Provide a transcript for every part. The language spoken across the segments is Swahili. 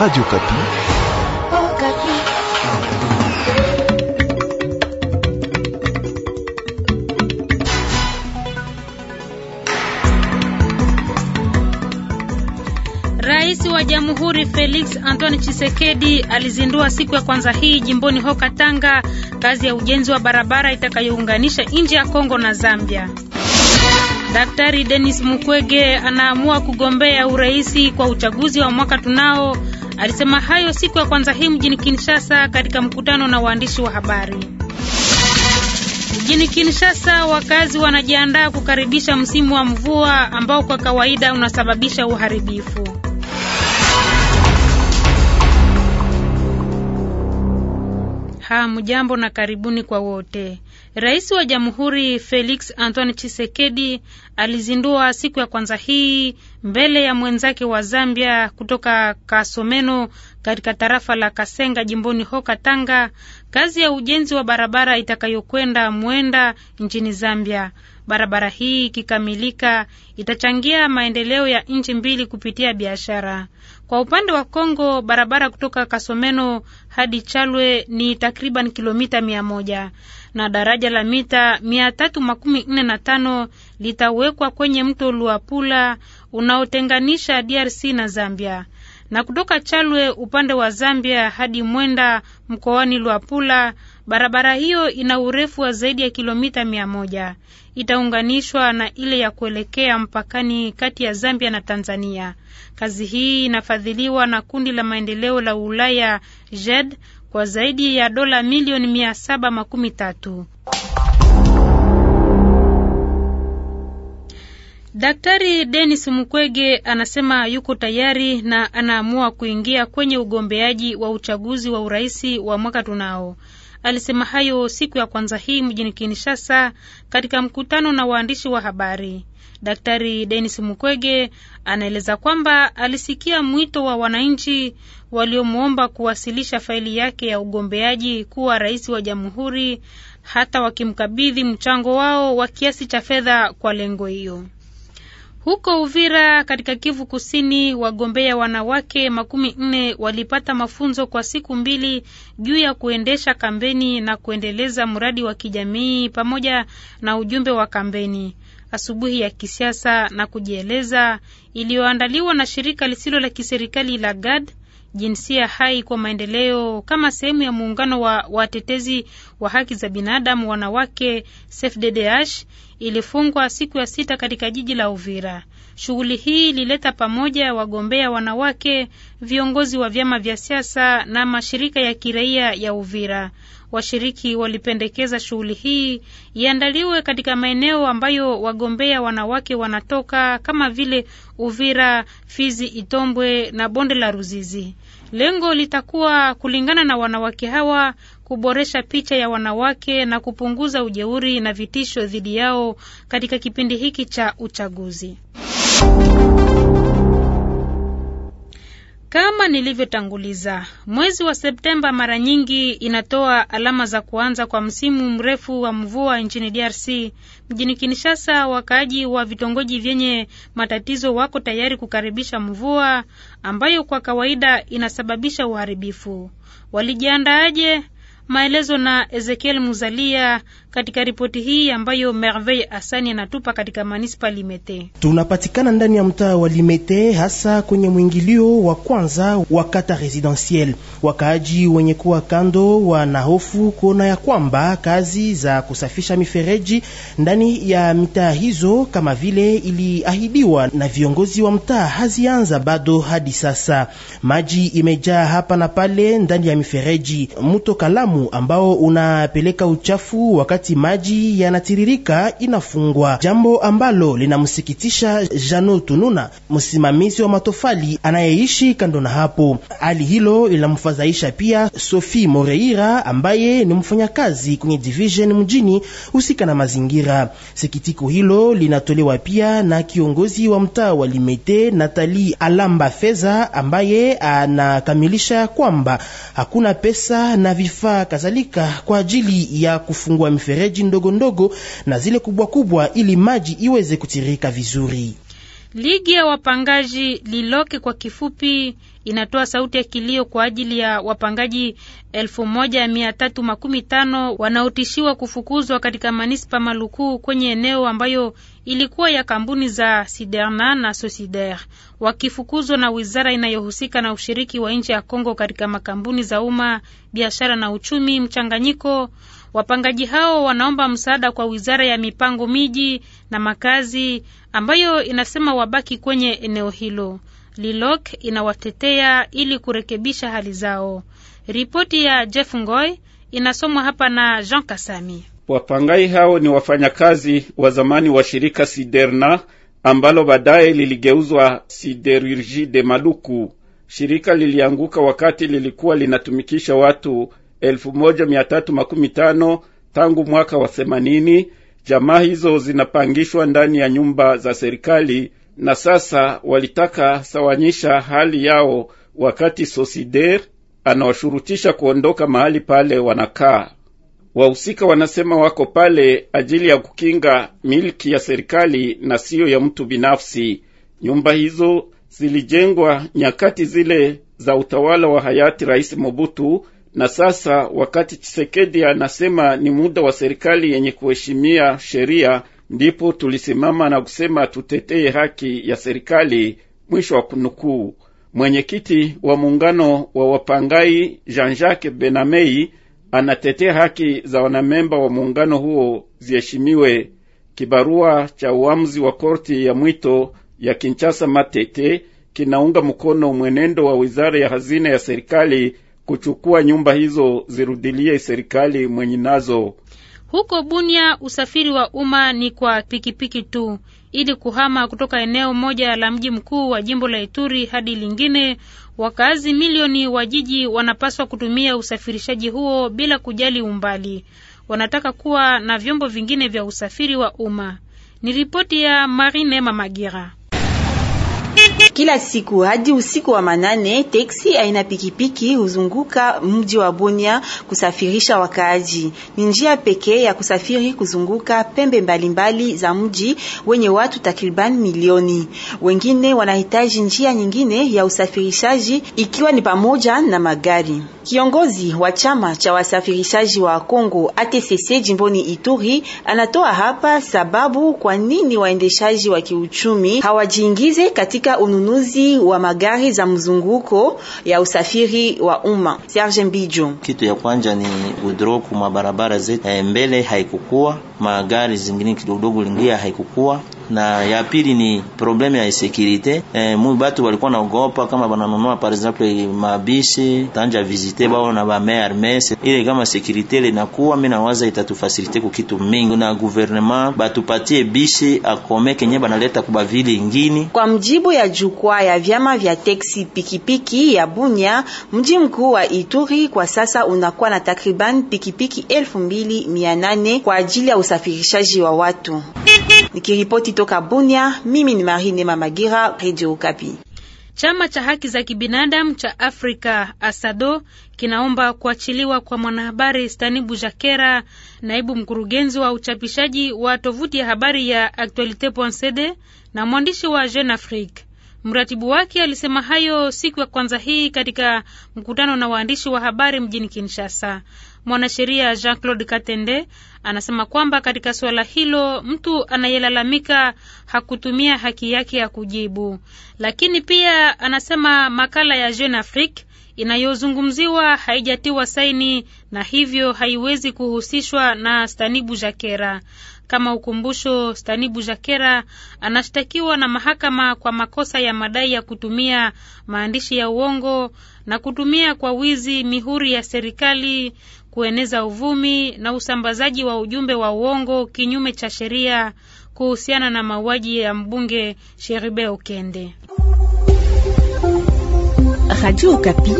Radio Kapi. Oh, Kapi. Rais wa Jamhuri Felix Antoine Tshisekedi alizindua siku ya kwanza hii jimboni hoka tanga kazi ya ujenzi wa barabara itakayounganisha nchi ya Kongo na Zambia. Daktari Denis Mukwege anaamua kugombea uraisi kwa uchaguzi wa mwaka tunao Alisema hayo siku ya kwanza hii mjini Kinshasa katika mkutano na waandishi wa habari. Mjini Kinshasa wakazi wanajiandaa kukaribisha msimu wa mvua ambao kwa kawaida unasababisha uharibifu. Hamjambo na karibuni kwa wote. Rais wa Jamhuri Felix Antoine chisekedi alizindua siku ya kwanza hii mbele ya mwenzake wa Zambia kutoka Kasomeno katika tarafa la Kasenga jimboni Hoka Tanga kazi ya ujenzi wa barabara itakayokwenda Mwenda nchini Zambia. Barabara hii ikikamilika, itachangia maendeleo ya nchi mbili kupitia biashara. Kwa upande wa Kongo, barabara kutoka Kasomeno hadi Chalwe ni takriban kilomita mia moja na daraja la mita mia tatu makumi nne na tano litawekwa kwenye mto Luapula unaotenganisha DRC na Zambia na kutoka Chalwe upande wa Zambia hadi Mwenda mkoani Luapula. Barabara hiyo ina urefu wa zaidi ya kilomita mia moja itaunganishwa na ile ya kuelekea mpakani kati ya Zambia na Tanzania. Kazi hii inafadhiliwa na kundi la maendeleo la Ulaya JED kwa zaidi ya dola milioni mia saba makumi tatu. Daktari Denis Mukwege anasema yuko tayari na anaamua kuingia kwenye ugombeaji wa uchaguzi wa uraisi wa mwaka tunao. Alisema hayo siku ya kwanza hii mjini Kinshasa katika mkutano na waandishi wa habari. Daktari Denis Mukwege anaeleza kwamba alisikia mwito wa wananchi waliomwomba kuwasilisha faili yake ya ugombeaji kuwa rais wa jamhuri, hata wakimkabidhi mchango wao wa kiasi cha fedha kwa lengo hiyo. Huko Uvira katika Kivu Kusini, wagombea wanawake makumi nne walipata mafunzo kwa siku mbili juu ya kuendesha kampeni na kuendeleza mradi wa kijamii pamoja na ujumbe wa kampeni. Asubuhi ya kisiasa na kujieleza iliyoandaliwa na shirika lisilo la kiserikali la GAD jinsia hai kwa maendeleo kama sehemu ya muungano wa watetezi wa haki za binadamu wanawake CFDDH ilifungwa siku ya sita katika jiji la Uvira. Shughuli hii ilileta pamoja wagombea wanawake, viongozi wa vyama vya siasa na mashirika ya kiraia ya Uvira. Washiriki walipendekeza shughuli hii iandaliwe katika maeneo ambayo wagombea wanawake wanatoka kama vile Uvira, Fizi, Itombwe na bonde la Ruzizi. Lengo litakuwa kulingana na wanawake hawa kuboresha picha ya wanawake na kupunguza ujeuri na vitisho dhidi yao katika kipindi hiki cha uchaguzi. Kama nilivyotanguliza, mwezi wa Septemba mara nyingi inatoa alama za kuanza kwa msimu mrefu wa mvua nchini DRC. Mjini Kinshasa, wakaaji wa vitongoji vyenye matatizo wako tayari kukaribisha mvua ambayo kwa kawaida inasababisha uharibifu. Walijiandaaje? Maelezo na Ezekiel Muzalia katika ripoti hii ambayo Merveille Asani anatupa katika manispa Limete. Tunapatikana ndani ya mtaa wa Limete, hasa kwenye mwingilio wa kwanza wa kata residentiel. Wakaaji wenye kuwa kando hofu kuona ya kwamba kazi za kusafisha mifereji ndani ya mitaa hizo kama vile iliahidiwa na viongozi wa mtaa hazianza bado hadi sasa. Maji imejaa hapa na pale ndani ya mifereji. Mto Kalamu mfumo ambao unapeleka uchafu wakati maji yanatiririka inafungwa, jambo ambalo linamsikitisha Jano Tununa, msimamizi wa matofali anayeishi kando na hapo. Hali hilo linamfadhaisha pia Sophie Moreira ambaye ni mfanyakazi kwenye division mjini husika na mazingira. Sikitiko hilo linatolewa pia na kiongozi wa mtaa wa Limete Natali Alamba Feza ambaye anakamilisha kwamba hakuna pesa na vifaa kadhalika kwa ajili ya kufungua mifereji ndogo ndogo na zile kubwa kubwa, ili maji iweze kutirika vizuri. Ligi ya wapangaji Liloke kwa kifupi inatoa sauti ya kilio kwa ajili ya wapangaji elfu moja mia tatu makumi tano wanaotishiwa kufukuzwa katika manispa Maluku kwenye eneo ambayo ilikuwa ya kampuni za Siderna na Sosider, wakifukuzwa na wizara inayohusika na ushiriki wa nchi ya Kongo katika makampuni za umma, biashara na uchumi mchanganyiko. Wapangaji hao wanaomba msaada kwa wizara ya mipango miji na makazi ambayo inasema wabaki kwenye eneo hilo. Lilok inawatetea ili kurekebisha hali zao. Ripoti ya Jeff Ngoy inasomwa hapa na Jean Kasami. Wapangai hao ni wafanyakazi wa zamani wa shirika Siderna ambalo baadaye liligeuzwa Siderurgie de Maluku. Shirika lilianguka wakati lilikuwa linatumikisha watu 1315 tangu mwaka wa themanini Jamaa hizo zinapangishwa ndani ya nyumba za serikali, na sasa walitaka sawanyisha hali yao, wakati Sosider anawashurutisha kuondoka mahali pale wanakaa. Wahusika wanasema wako pale ajili ya kukinga miliki ya serikali na siyo ya mtu binafsi. Nyumba hizo zilijengwa nyakati zile za utawala wa hayati Rais Mobutu na sasa wakati Chisekedi anasema ni muda wa serikali yenye kuheshimia sheria, ndipo tulisimama na kusema tuteteye haki ya serikali. Mwisho wa kunukuu. Mwenyekiti wa muungano wa wapangai Jean-Jacques Benamei anatetea haki za wanamemba wa muungano huo ziheshimiwe. Kibarua cha uamuzi wa korti ya mwito ya Kinshasa Matete kinaunga mkono mwenendo wa wizara ya hazina ya serikali kuchukua nyumba hizo zirudilie serikali mwenye nazo. Huko Bunia usafiri wa umma ni kwa pikipiki tu. Ili kuhama kutoka eneo moja la mji mkuu wa jimbo la Ituri hadi lingine, wakazi milioni wa jiji wanapaswa kutumia usafirishaji huo bila kujali umbali. Wanataka kuwa na vyombo vingine vya usafiri wa umma. Ni ripoti ya Marine Mamagira. Kila siku hadi usiku wa manane, teksi aina pikipiki huzunguka mji wa Bunia kusafirisha wakaaji. Ni njia pekee ya kusafiri kuzunguka pembe mbalimbali mbali za mji wenye watu takriban milioni. Wengine wanahitaji njia nyingine ya usafirishaji ikiwa ni pamoja na magari. Kiongozi wa chama cha wasafirishaji wa Kongo ATCC jimboni Ituri anatoa hapa sababu kwa nini waendeshaji wa kiuchumi hawajiingize katika ununuzi ununuzi wa magari za mzunguko ya usafiri wa umma. Serge Mbijo: kitu ya kwanza ni udropu kwa barabara zetu, eh, mbele haikukua magari zingine kidogodogo lingia haikukua na ya pili ni probleme ya insekurite e, eh, mu batu walikuwa ogopa kama bananunua par exemple mabishi tanja visite bao na ba maire messe ile kama sekurite linakuwa mimi nawaza itatufasilite ku kitu mingi na gouvernement batupatie bishi akome kenye banaleta kuba vile ingini. Kwa mjibu ya jukwaa ya vyama vya teksi pikipiki ya Bunya, mji mkuu wa Ituri kwa sasa unakuwa na takriban pikipiki elfu mbili mia nane kwa ajili ya usafirishaji wa watu. Nikiripoti kutoka Bunia, mimi ni Marine Mamagira, Radio Okapi. Chama cha haki za kibinadamu cha Afrika ASADO kinaomba kuachiliwa kwa mwanahabari Stanibu Jakera, naibu mkurugenzi wa uchapishaji wa tovuti ya habari ya Actualite.cd na mwandishi wa Jeune Afrique. Mratibu wake alisema hayo siku ya kwanza hii katika mkutano na waandishi wa habari mjini Kinshasa. Mwanasheria Jean Claude Katende Anasema kwamba katika suala hilo mtu anayelalamika hakutumia haki yake ya kujibu. Lakini pia anasema makala ya Jeune Afrique inayozungumziwa haijatiwa saini na hivyo haiwezi kuhusishwa na Stanibu Jakera. Kama ukumbusho, stanibu jakera anashtakiwa na mahakama kwa makosa ya madai ya kutumia maandishi ya uongo na kutumia kwa wizi mihuri ya serikali, kueneza uvumi na usambazaji wa ujumbe wa uongo kinyume cha sheria kuhusiana na mauaji ya mbunge Sheribe Okende. Radio Okapi,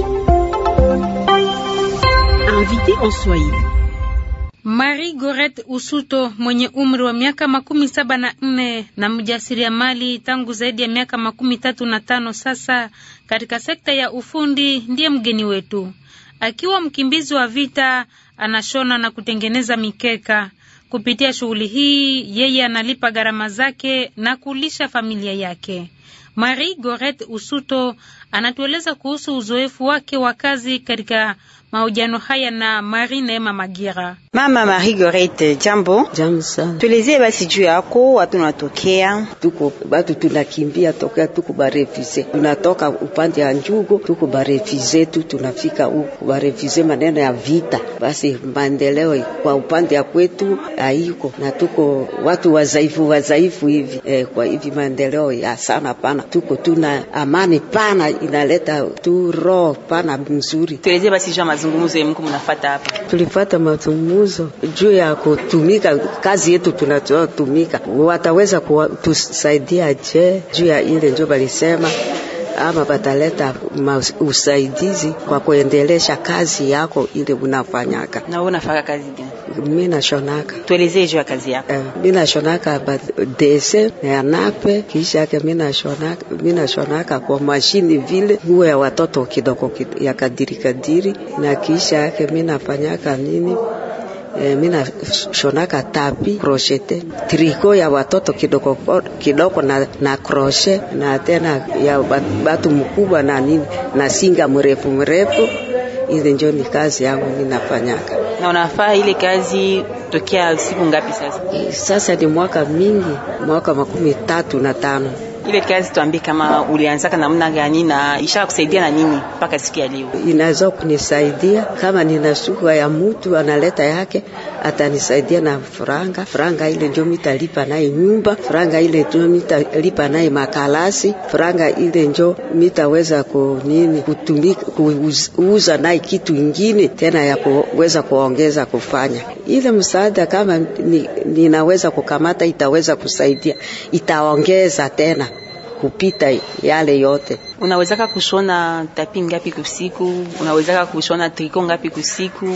invité en Swahili. Marie Goret Usuto mwenye umri wa miaka makumi saba na nne na mjasiriamali tangu zaidi ya miaka makumi tatu na tano sasa katika sekta ya ufundi ndiye mgeni wetu. Akiwa mkimbizi wa vita, anashona na kutengeneza mikeka. Kupitia shughuli hii, yeye analipa gharama zake na kulisha familia yake. Marie Goret Usuto anatueleza kuhusu uzoefu wake wa kazi katika Mahojiano haya na Mari Neema Magira. Mama Mari Gorete, jambo. Jambo sana. Tuelezee basi juu yako, watu natokea. Tuko watu tunakimbia tokea, tuko barefize, tunatoka upande ya Njugo, tuko barefize tu tunafika huko barefize, maneno ya vita. Basi maendeleo kwa upande ya kwetu haiko, na tuko watu wazaifu wazaifu hivi e, kwa hivi maendeleo ya sana pana, tuko tuna amani pana, inaleta tu roho pana mzuri. Tuelezee basi jama mazungumzo yenu mnafuata hapa? Tulifata mazungumzo juu ya kutumika kazi yetu tunatumika, wataweza kutusaidia je juu ya ile ndio balisema ama pataleta usaidizi kwa kuendelesha kazi yako ile unafanyaka. Na unafanya kazi gani? Mimi nashonaka. Tuelezee juu ya kazi yako. Eh, mimi nashonaka dese na nape kisha yake mimi nashonaka, mimi nashonaka kwa mashini vile nguo ya watoto kidogo ya kadiri kadiri, na kisha yake mimi nafanyaka nini E, eh, mina shonaka tapi, kroshete, triko ya watoto kidoko kidoko na, na kroshe na tena ya batu mkubwa na nini na singa mrefu mrefu. Ile ndio ni kazi yangu ninafanyaka. Na unafaa ile kazi tokea siku ngapi sasa? Eh, sasa ni mwaka mingi, mwaka makumi tatu na tano. Ile kazi tuambi kama ulianzaka namna gani na isha kusaidia na nini mpaka siku ya leo? Inaweza kunisaidia kama nina shughuli ya mtu analeta yake, atanisaidia na franga. Franga ile ndio mitalipa naye nyumba, franga ile ndio mitalipa naye makalasi, franga ile ndio mitaweza nini kutumika kuuza naye kitu ingine tena ya kuweza kuongeza kufanya ile msaada. Kama ninaweza ni kukamata, itaweza kusaidia, itaongeza tena kupita yale yote. Unawezaka kushona tapi ngapi kusiku? Unawezaka kushona triko ngapi kusiku?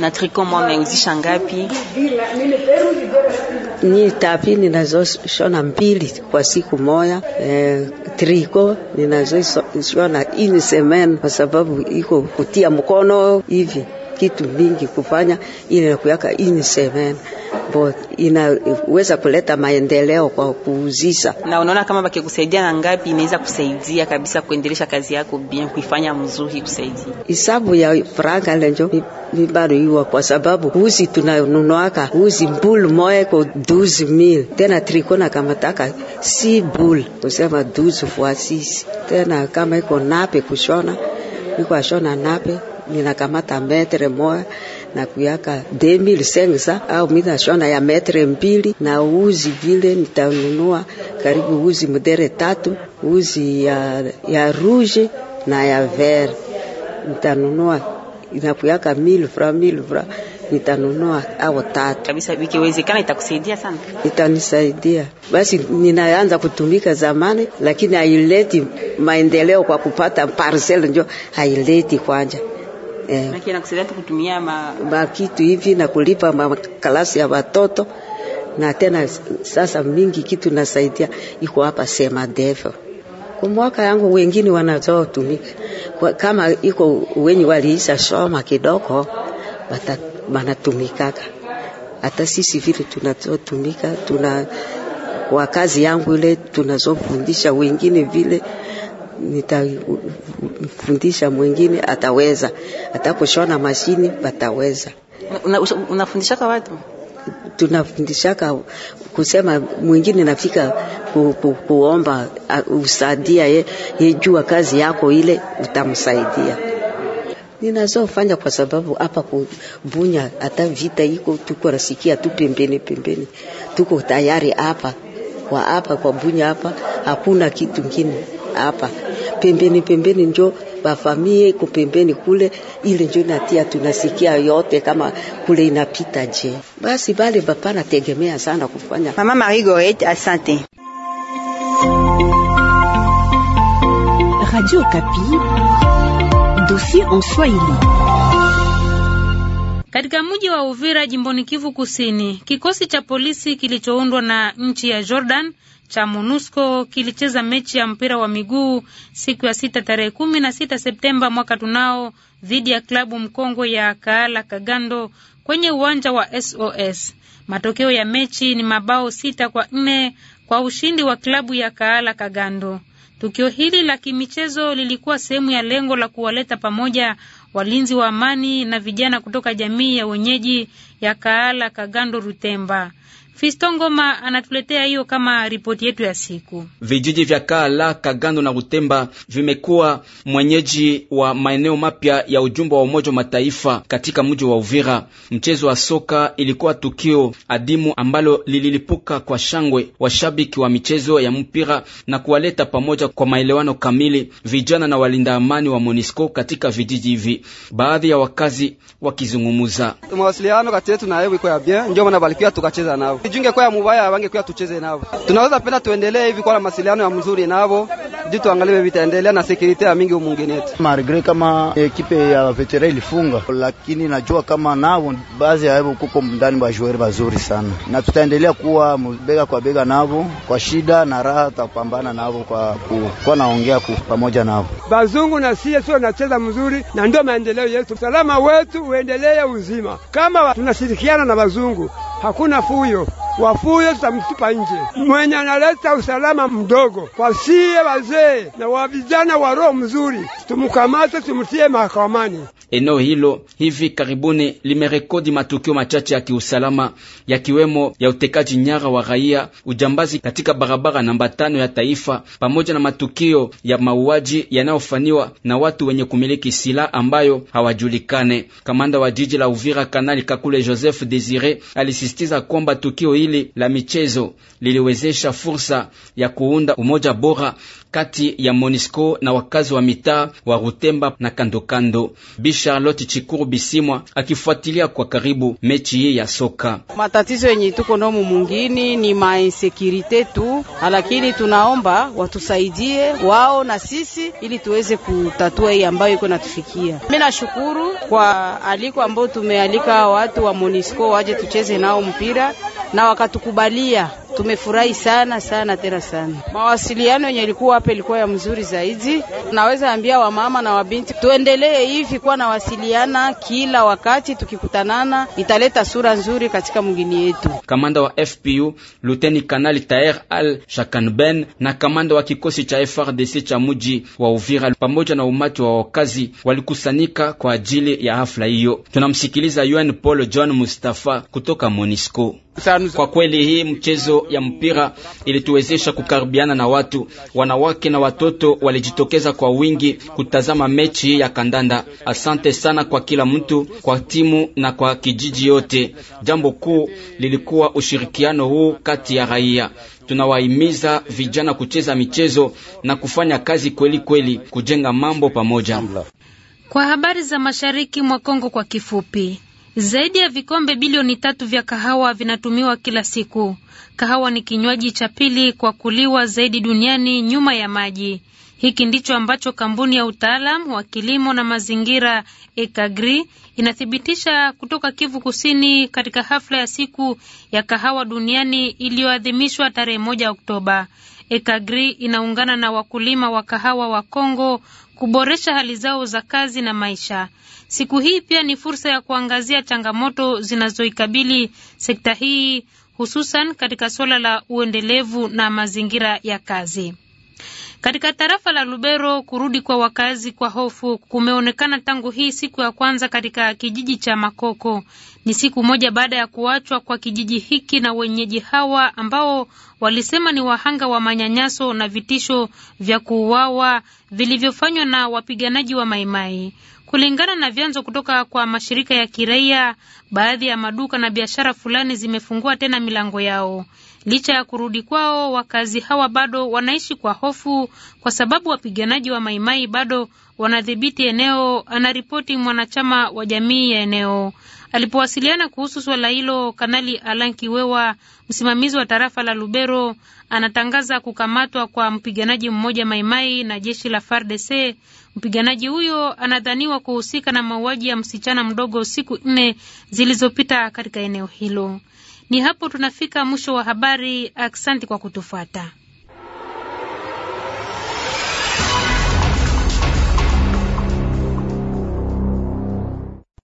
na triko mwa meuzisha ngapi? Ni tapi ninazoshona mbili kwa siku moya. E, eh, triko ninazoshona ini semen kwa sababu iko kutia mkono hivi kitu mingi kufanya ili nakuyaka ini semen hapo inaweza kuleta maendeleo kwa kuuziza Na unaona kama bakikusaidia na ngapi inaweza kusaidia kabisa kuendelesha kazi yako bien, kuifanya mzuri, kusaidia hisabu ya franga lenjo ni bado iwa, kwa sababu uzi tunanunuaka uzi bul moye kwa 12000 tena triko na taka si bull kusema 12 fois 6 tena kama iko nape kushona iko ashona nape ninakamata metre moya na kuyaka 2500 au minashona ya metre mbili na uzi vile nitanunua karibu uzi mudere tatu uzi ya, ya rouge na ya ver nitanunua inakuyaka mil fra mil fra nitanunua au tatu kabisa. Ikiwezekana itakusaidia sana, itanisaidia. Basi ninaanza kutumika zamani, lakini haileti maendeleo kwa kupata parcel, njo haileti kwanja eh, kutumia ma... hivi na kulipa makalasi ya watoto na tena sasa mingi kitu nasaidia iko hapa sema devo kwa mwaka yangu, wengine wanazotumika kama iko wenye waliisha soma kidogo wanatumikaka. Hata sisi vile tunazotumika tuna kwa kazi yangu ile tunazofundisha wengine vile nitafundisha mwingine ataweza, atakushona mashini bataweza. Unafundishaka una, una watu tunafundishaka kusema mwingine nafika ku, ku, kuomba usaidia usadia ye, yejua kazi yako ile utamsaidia. Ninazofanya kwa sababu hapa kubunya hata vita iko tuko nasikia tu pembeni pembeni, tuko tayari hapa kwa hapa kwa bunya hapa, hakuna kitu kingine hapa pembeni pembeni, njo bavamie kupembeni kule, ile njo natia tunasikia yote kama kule inapita. Je, basi bale bapana tegemea sana kufanya. Mama Marie Gorette, asante. Radio Kapi, dossier en Swahili. Katika mji wa Uvira jimboni Kivu Kusini, kikosi cha polisi kilichoundwa na nchi ya Jordan cha MONUSCO kilicheza mechi ya mpira wa miguu siku ya sita tarehe kumi na sita Septemba mwaka tunao dhidi ya klabu mkongwe ya Kaala Kagando kwenye uwanja wa SOS. Matokeo ya mechi ni mabao sita kwa nne kwa ushindi wa klabu ya Kaala Kagando. Tukio hili la kimichezo lilikuwa sehemu ya lengo la kuwaleta pamoja walinzi wa amani na vijana kutoka jamii ya wenyeji ya Kaala Kagando Rutemba. Fisto Ngoma anatuletea hiyo kama ripoti yetu ya siku. Vijiji vya Kaala, Kagando na Rutemba vimekuwa mwenyeji wa maeneo mapya ya ujumbe wa Umoja wa Mataifa katika mji wa Uvira. Mchezo wa soka ilikuwa tukio adimu ambalo lililipuka kwa shangwe washabiki wa michezo ya mpira na kuwaleta pamoja kwa maelewano kamili vijana na walinda amani wa Monisco katika vijiji hivi. Baadhi ya wakazi wakizungumuza mawasiliano kati yetu na yeye iko ya bien, ndio maana balikuwa tukacheza nao Ijinge kwa ya mubaya wange kwa tucheze nabo Tunaweza penda tuendelee hivi kwa masiliano ya mzuri nabo Juu tuangalie vitaendelea na sekirite ya mingi umungenetu yetu. kama ekipe ya vetera ilifunga, lakini najua kama nabo baadhi ya hivyo kuko ndani ba bazuri sana. Na tutaendelea kuwa bega kwa bega navo kwa shida na raha tutapambana navo kwa kwa naongea kwa pamoja nabo Bazungu na sie sio nacheza mzuri na ndio maendeleo yetu. Salama wetu uendelee uzima. Kama tunashirikiana na bazungu hakuna fuyo wafuye tutamtupa nje. Mwenye analeta usalama mdogo kwa sie wazee na wa vijana wa roho mzuri, tumkamate tumtie mahakamani. Eneo hilo hivi karibuni limerekodi matukio machache ya kiusalama yakiwemo ya utekaji nyara wa raia, ujambazi katika barabara namba tano ya taifa, pamoja na matukio ya mauaji yanayofanywa na watu wenye kumiliki silaha ambayo hawajulikane. Kamanda wa jiji la Uvira, Kanali Kakule Joseph Desire, alisisitiza kwamba tukio hili la michezo liliwezesha fursa ya kuunda umoja bora kati ya Monisco na wakazi wa mitaa wa Rutemba na kandokando. Bi Charlotte Chikuru Bisimwa akifuatilia kwa karibu mechi hii ya soka. Matatizo yenye tuko nomu mungini ni mainsekirite tu, lakini tunaomba watusaidie wao na sisi, ili tuweze kutatua hii ambayo iko natufikia. Mimi nashukuru kwa aliko ambao tumealika watu wa Monisco waje tucheze nao mpira na wakatukubalia. Tumefurahi sana sana tena sana mawasiliano yenye ilikuwa hapa ilikuwa ya mzuri zaidi. Naweza ambia wamama na wabinti tuendelee hivi kuwa nawasiliana kila wakati, tukikutanana italeta sura nzuri katika mgini yetu. Kamanda wa FPU Luteni Kanali Taher Al Shakanben na kamanda wa kikosi cha FRDC cha muji wa Uvira pamoja na umati wa wakazi walikusanyika kwa ajili ya hafla hiyo. Tunamsikiliza UN Paul John Mustafa kutoka Monisco. Kwa kweli hii mchezo ya mpira ilituwezesha kukaribiana na watu. Wanawake na watoto walijitokeza kwa wingi kutazama mechi ya kandanda. Asante sana kwa kila mtu, kwa timu na kwa kijiji yote. Jambo kuu lilikuwa ushirikiano huu kati ya raia. Tunawahimiza vijana kucheza michezo na kufanya kazi kweli kweli, kujenga mambo pamoja. Kwa habari za mashariki mwa Kongo kwa kifupi. Zaidi ya vikombe bilioni tatu vya kahawa vinatumiwa kila siku. Kahawa ni kinywaji cha pili kwa kuliwa zaidi duniani nyuma ya maji. Hiki ndicho ambacho kampuni ya utaalam wa kilimo na mazingira Ekagri inathibitisha kutoka Kivu Kusini katika hafla ya siku ya kahawa duniani iliyoadhimishwa tarehe moja Oktoba. Ekagri inaungana na wakulima wa kahawa wa Kongo kuboresha hali zao za kazi na maisha. Siku hii pia ni fursa ya kuangazia changamoto zinazoikabili sekta hii hususan katika suala la uendelevu na mazingira ya kazi. Katika tarafa la Lubero, kurudi kwa wakazi kwa hofu kumeonekana tangu hii siku ya kwanza katika kijiji cha Makoko. Ni siku moja baada ya kuachwa kwa kijiji hiki na wenyeji hawa ambao walisema ni wahanga wa manyanyaso na vitisho vya kuuawa vilivyofanywa na wapiganaji wa Maimai. Kulingana na vyanzo kutoka kwa mashirika ya kiraia, baadhi ya maduka na biashara fulani zimefungua tena milango yao. Licha ya kurudi kwao, wakazi hawa bado wanaishi kwa hofu, kwa sababu wapiganaji wa Maimai bado wanadhibiti eneo, anaripoti mwanachama wa jamii ya eneo. Alipowasiliana kuhusu swala hilo, Kanali Alan Kiwewa, msimamizi wa tarafa la Lubero, anatangaza kukamatwa kwa mpiganaji mmoja Maimai na jeshi la FARDC. Mpiganaji huyo anadhaniwa kuhusika na mauaji ya msichana mdogo siku nne zilizopita katika eneo hilo. Ni hapo tunafika mwisho wa habari. Aksanti kwa kutufuata.